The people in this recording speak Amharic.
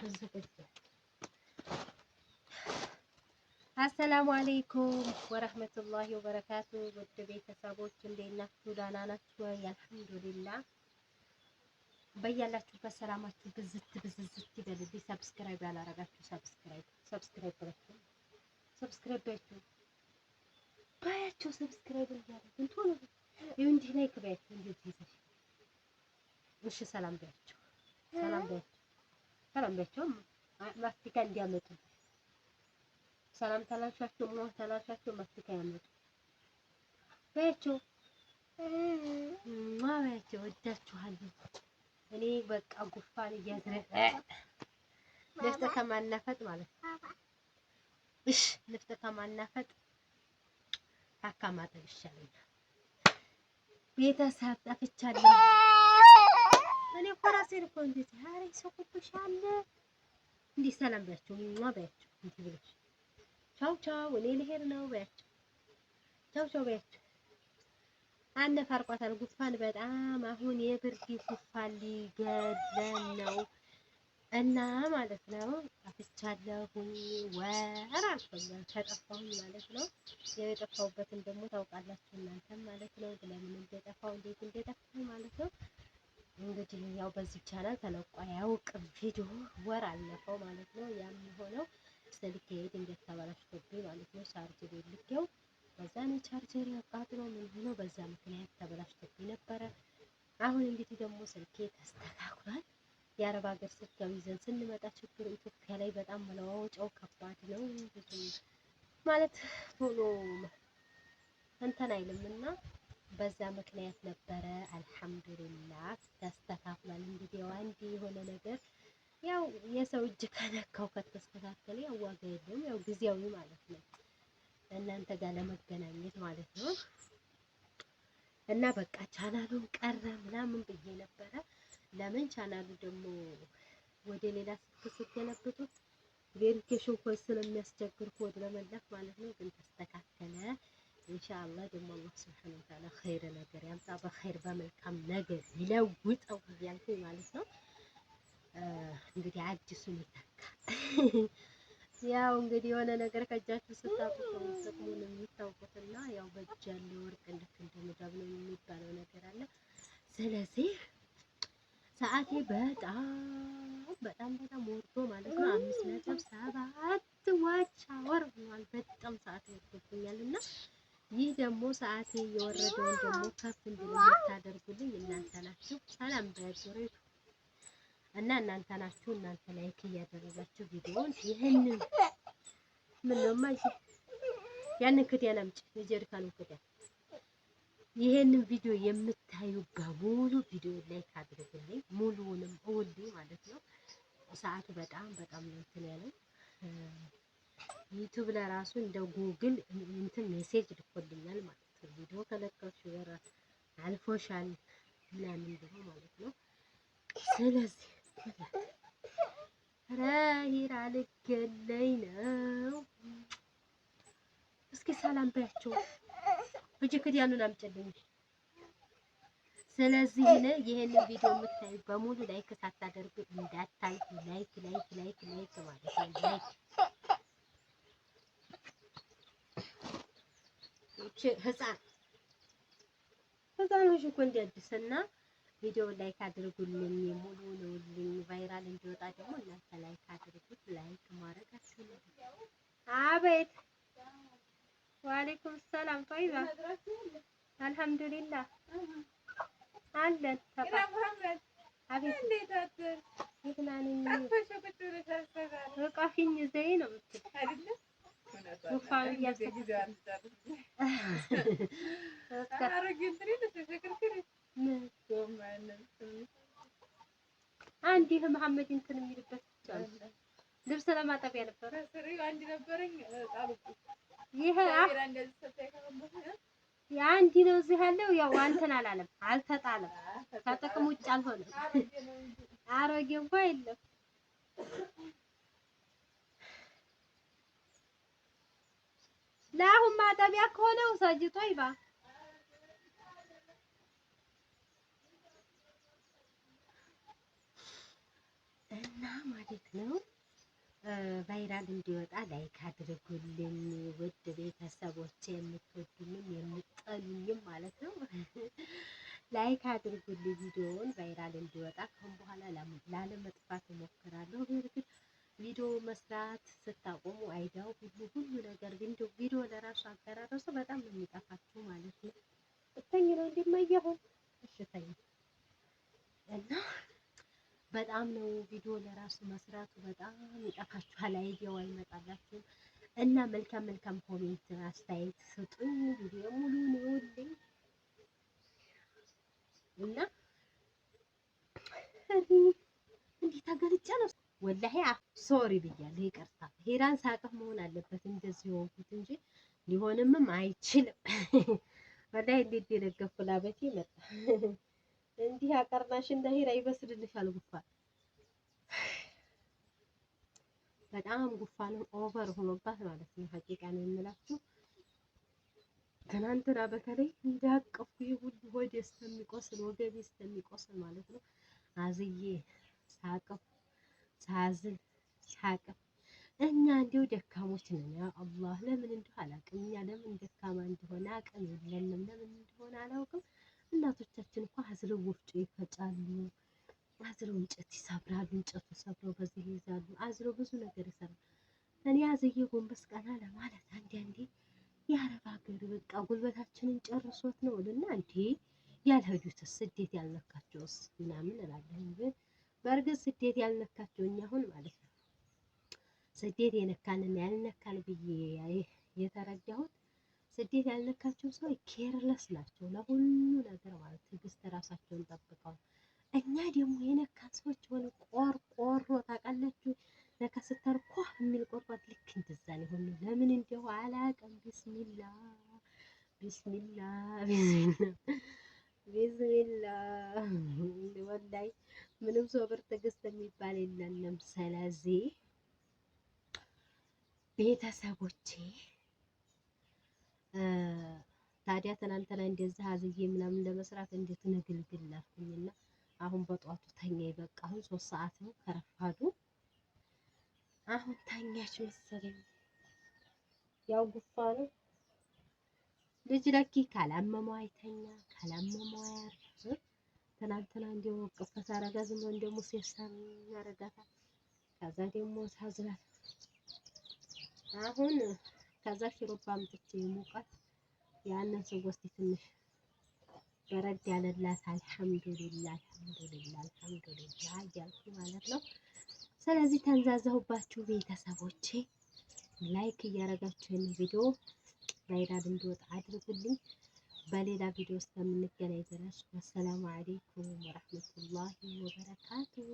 ተዘገጀ። አሰላሙ አለይኩም ወረህመቱላሂ ወበረካቱ። ውድ ቤተሰቦች እንዴት ናችሁ? ደህና ናችሁ? አልሐምዱሊላህ። በያላችሁበት ሰላማችሁ ብዝት ብዝዝት ይበልልኝ። ሰብስክራይብ ያላረጋችሁ ሰብስክራይብ ሰብስክራይብ ብላችሁ ሰብስክራይብ ሰብስክራይብ እያደረግን ቶሎ ይኸው እንዲህ ላይክ ባያችሁ እንደዚህ ይዘሽ እሺ፣ ሰላም ባያችሁ ሰላም ባያችሁ ተለምዷቸውም ማስቲካ እንዲያመጡ ሰላም ተላልፏቸው ሞ ተላልፏቸው ማስቲካ ያመጡ በያቸው ማ በያቸው ወዳችኋለሁ። እኔ በቃ ጉፋን እያዝረፈ ነፍጠ ከማናፈጥ ማለት ነው። እሽ ነፍጠ ከማናፈጥ ታካማጠብ ይሻለኛል። ቤተሰብ ጠፍቻለሁ። እኔ እኮ ራሴን እኮ እንዴት ኧረ ይሰቁብሻል። እንዲህ ሰላም በያቸው ዋ በያቸው እንዲ ብለሽ ቻው ቻው፣ እኔ ልሄድ ነው በያቸው፣ ቻው ቻው በያቸው። አነፋርቋታል ጉፋን በጣም አሁን የብርድ ጉፋን ሊገለን ነው እና ማለት ነው አፍቻለሁ። ወር አልፎኛል ከጠፋሁኝ ማለት ነው። የጠፋሁበትን ደግሞ ታውቃላችሁ እናንተም ማለት ነው። ለምን እንደጠፋሁ እንዴት እንደጠፋሁ ማለት ነው። እንግዲህ ያው በዚህ ቻናል ተለቆ አያውቅም ቪዲዮ ወር አለፈው ማለት ነው። ያም ሆነው ስልክ ድንገት ተበላሽቶብኝ ማለት ነው። ቻርጅ ቤት በዛ ነው ቻርጀር ያቃጥሎ ምን ሆኖ በዛ ምክንያት ተበላሽቶብኝ ነበረ። አሁን እንግዲህ ደግሞ ስልኬ ተስተካክሏል። የአረብ ሀገር ስልክ ያው ይዘን ስንመጣ ችግሩ ኢትዮጵያ ላይ በጣም መለዋወጫው ከባድ ነው። ብዙ ማለት ቶሎ እንተን አይልም እና በዛ ምክንያት ነበረ። አልሐምዱሊላህ ተስተካክሏል። እንግዲህ ያው አንድ የሆነ ነገር ያው የሰው እጅ ከነካው ከተስተካከለ ያው ዋጋ የለውም። ያው ጊዜያዊ ማለት ነው እናንተ ጋር ለመገናኘት ማለት ነው። እና በቃ ቻናሉን ቀረ ምናምን ብዬ ነበረ። ለምን ቻናሉ ደግሞ ወደ ሌላ ስልክ ስትገለብጡት ቬሪፊኬሽን ኮድ ስለሚያስቸግር ኮድ ለመላክ ማለት ነው። ግን ተስተካከለ። ኢንሻአላ ደግሞ አላህ ስብሐነ ወተዓላ ኸይረ ነገር ያምጣ፣ በኸይር በመልካም ነገር ይለውጠው እያልኩኝ ማለት ነው። እንግዲህ አዲሱ ይተካ። ያው እንግዲህ የሆነ ነገር ከእጃችሁ ስታጡ ጥቅሙን የሚታውቁትና ያው በእጅ ያለ ወርቅ ልክ እንደ መዳብ ነው የሚባለው ነገር አለ። ስለዚህ ሰዓቴ በጣም በጣም በጣም ወርዶ ማለት ነው አምስት ነጥብ ሰባት ዋች አወር ብሏል። በጣም ሰዓት ወርዶብኛል እና ይህ ደግሞ ሰዓቴ የወረደውን ደግሞ ከፍ እንድል የምታደርጉልኝ እናንተ ናችሁ። ሰላም በዙሪ እና እናንተ ናችሁ። እናንተ ላይክ እያደረጋችሁ ቪዲዮውን ይህንን ምን ነው ማይሽ ያንን ክዳን አምጪ የጀሪካኑ ክዳን ይሄንን ቪዲዮ የምታዩ በሙሉ ቪዲዮ ላይክ አድርጉልኝ፣ ሙሉውንም ሁሉ ማለት ነው። ሰዓቱ በጣም በጣም ነው እንትን ያለው ዩቱብ ለራሱ እንደ ጉግል እንትን ሜሴጅ ልኮልኛል ማለት ነው። ቪዲዮ ከለቀቅሽ ወራት አልፎሻል ምናምን ብሎ ማለት ነው። ስለዚህ ኧረ ሂራ ልገለኝ ነው። እስኪ ሰላም በያቸው ብጅክድ ያሉን አምጨልኝ። ስለዚህ ይህንን ቪዲዮ የምታዩ በሙሉ ላይክ ሳታደርጉ እንዳታዩ። ላይክ ላይክ ላይክ ላይክ ማለት ነው ላይክ ህፃን ህፃኖች እኮ እንዲያድስና ቪዲዮ ላይክ አድርጉልኝ፣ ሙሉ ነውልኝ ቫይራል እንዲወጣ ደግሞ እናንተ ላይክ አድርጉት። ላይክ ማድረግ አትችሉም። አቤት ወአለይኩም ሰላም ጦይባ አልሐምዱሊላህ አለን አቤት ዘይ ነው የምትል አንድ ይህ መሐመድ እንትን የሚልበት ልብስ ለማጠቢያ ነበር። አንድ ነበረኝ ይሄ ነው እዚህ ያለው ያው አንተን አላለም፣ አልተጣለም፣ ከጥቅም ውጭ አልሆነም። አሮጌ እንኳ የለም። ለአሁን ማጠቢያ ከሆነ ውሰጂ። ጦይባ እና ማለት ነው ቫይራል እንዲወጣ ላይክ አድርጉልኝ ውድ ቤተሰቦች፣ የምትወዱኝም የምትጠሉኝም ማለት ነው ላይክ አድርጉልኝ ቪዲዮውን ቫይራል እንዲወጣ። ከአሁን በኋላ ላለመጥፋት እሞክራለሁ። ቪዲዮ መስራት ስታቆሙ አይዲያው ሁሉ ሁሉ ነገር ግን እንደው ቪዲዮ ለራሱ አቀራረሱ በጣም ነው የሚጠፋችሁ ማለት ነው። እተኝ ነው እንዲመየሁ እሽተኝ እና በጣም ነው ቪዲዮ ለራሱ መስራቱ በጣም ይጠፋችኋል፣ አይዲያው አይመጣላችሁም። እና መልካም መልካም ኮሜንት አስተያየት ስጡ። ቪዲዮ ሙሉ ነውልኝ እና እንዲህ ተገልጬ ነው ወላሂ ሶሪ ብያለሁ፣ ይቅርታ። ሄራን ሳቅፍ መሆን አለበት እንደዚህ የሆንኩት እንጂ ሊሆንምም አይችልም። ወላሂ እንዴት የደገፍኩ ላበቴ መጣ። እንዲህ አቀርናሽ እንደ ሄራ ይበስልልሻል። ጉፋን በጣም ጉፋንም ኦቨር ሆኖባት ማለት ነው። ሀቂቃ ነው የምላችሁ። ትናንትና በተለይ እንዳቀፉ ይሁሉ ሆዴ እስከሚቆስል ወገቤ እስከሚቆስል ማለት ነው አዝዬ ሳቅፍ ሳያዝን ሳያቅም እኛ እንዲሁ ደካሞች ነን። ያ አላህ ለምን እንደሆነ አላውቅም። እኛ ለምን ደካማ እንደሆነ አቅም የለንም፣ ለምን እንደሆነ አላውቅም። እናቶቻችን እኮ አዝረው ወፍጮ ይፈጫሉ፣ አዝረው እንጨት ይሰብራሉ፣ እንጨቱ ሰብረው በዚህ ይይዛሉ፣ አዝረው ብዙ ነገር ይሰራሉ። እኔ አዝዬ ጎንበስ ቀና ለማለት አንዴ አንዴ የአረብ ሀገር በቃ ጉልበታችንን ጨርሶት ነው እልና እንዴ ያልሄዱትስ ስደት ያልነካቸውስ ምናምን እላለሁ ግን በእርግጥ ስደት ያልነካቸው እኛ አሁን ማለት ነው ስደት የነካንና ያልነካን ብዬ የተረዳሁት ስደት ያልነካቸው ሰው ኬርለስ ናቸው፣ ለሁሉ ነገር ማለት ትዕግስት፣ ራሳቸውን ጠብቀው። እኛ ደግሞ የነካን ሰዎች የሆነ ቆርቆሮ ታውቃላችሁ፣ ለከስተር ኮህ የሚል ቆርቆት ልክ እንደዛ የሆኑ ለምን እንደው አላውቅም። ቢስሚላ ቢስሚላ ቢስሚላ ምንም ሰው ብር ትዕግስት የሚባል የለንም። ስለዚህ ቤተሰቦቼ ታዲያ ትናንትና እንደዚህ አዝዬ ምናምን ለመስራት እንዴት ንግልግል ላልኩኝና አሁን በጧቱ ተኛ ይበቃ። አሁን ሶስት ሰዓት ነው ከረፋዱ። አሁን ተኛች መሰለኝ ያው ጉፋ ነው ልጅ ለኪ ካላመመው አይተኛ ካላመመው አያርፍ ትናንትና እንዲሁ ቅፍ ታረጋ ዝም ብሎ እንደ ሙሴ ሳም ያረጋታል። ከዛ ደግሞ ታዝናል። አሁን ከዛ ሽሩባ አምጥቼ ሙቃት ያንን ስወስድ ትንሽ በረድ ያለላት አልሐምዱሊላ አልሐምዱሊላ አልሐምዱሊላ እያልኩ ማለት ነው። ስለዚህ ተንዛዘሁባችሁ ቤተሰቦቼ፣ ላይክ እያረጋችሁ ይህን ቪዲዮ ቫይራል እንዲወጣ አድርጉልኝ። በሌላ ቪዲዮ እስከምንገናኝ ድረስ ወሰላሙ አሌይኩም ወረህመቱላሂ ወበረካቱሁ።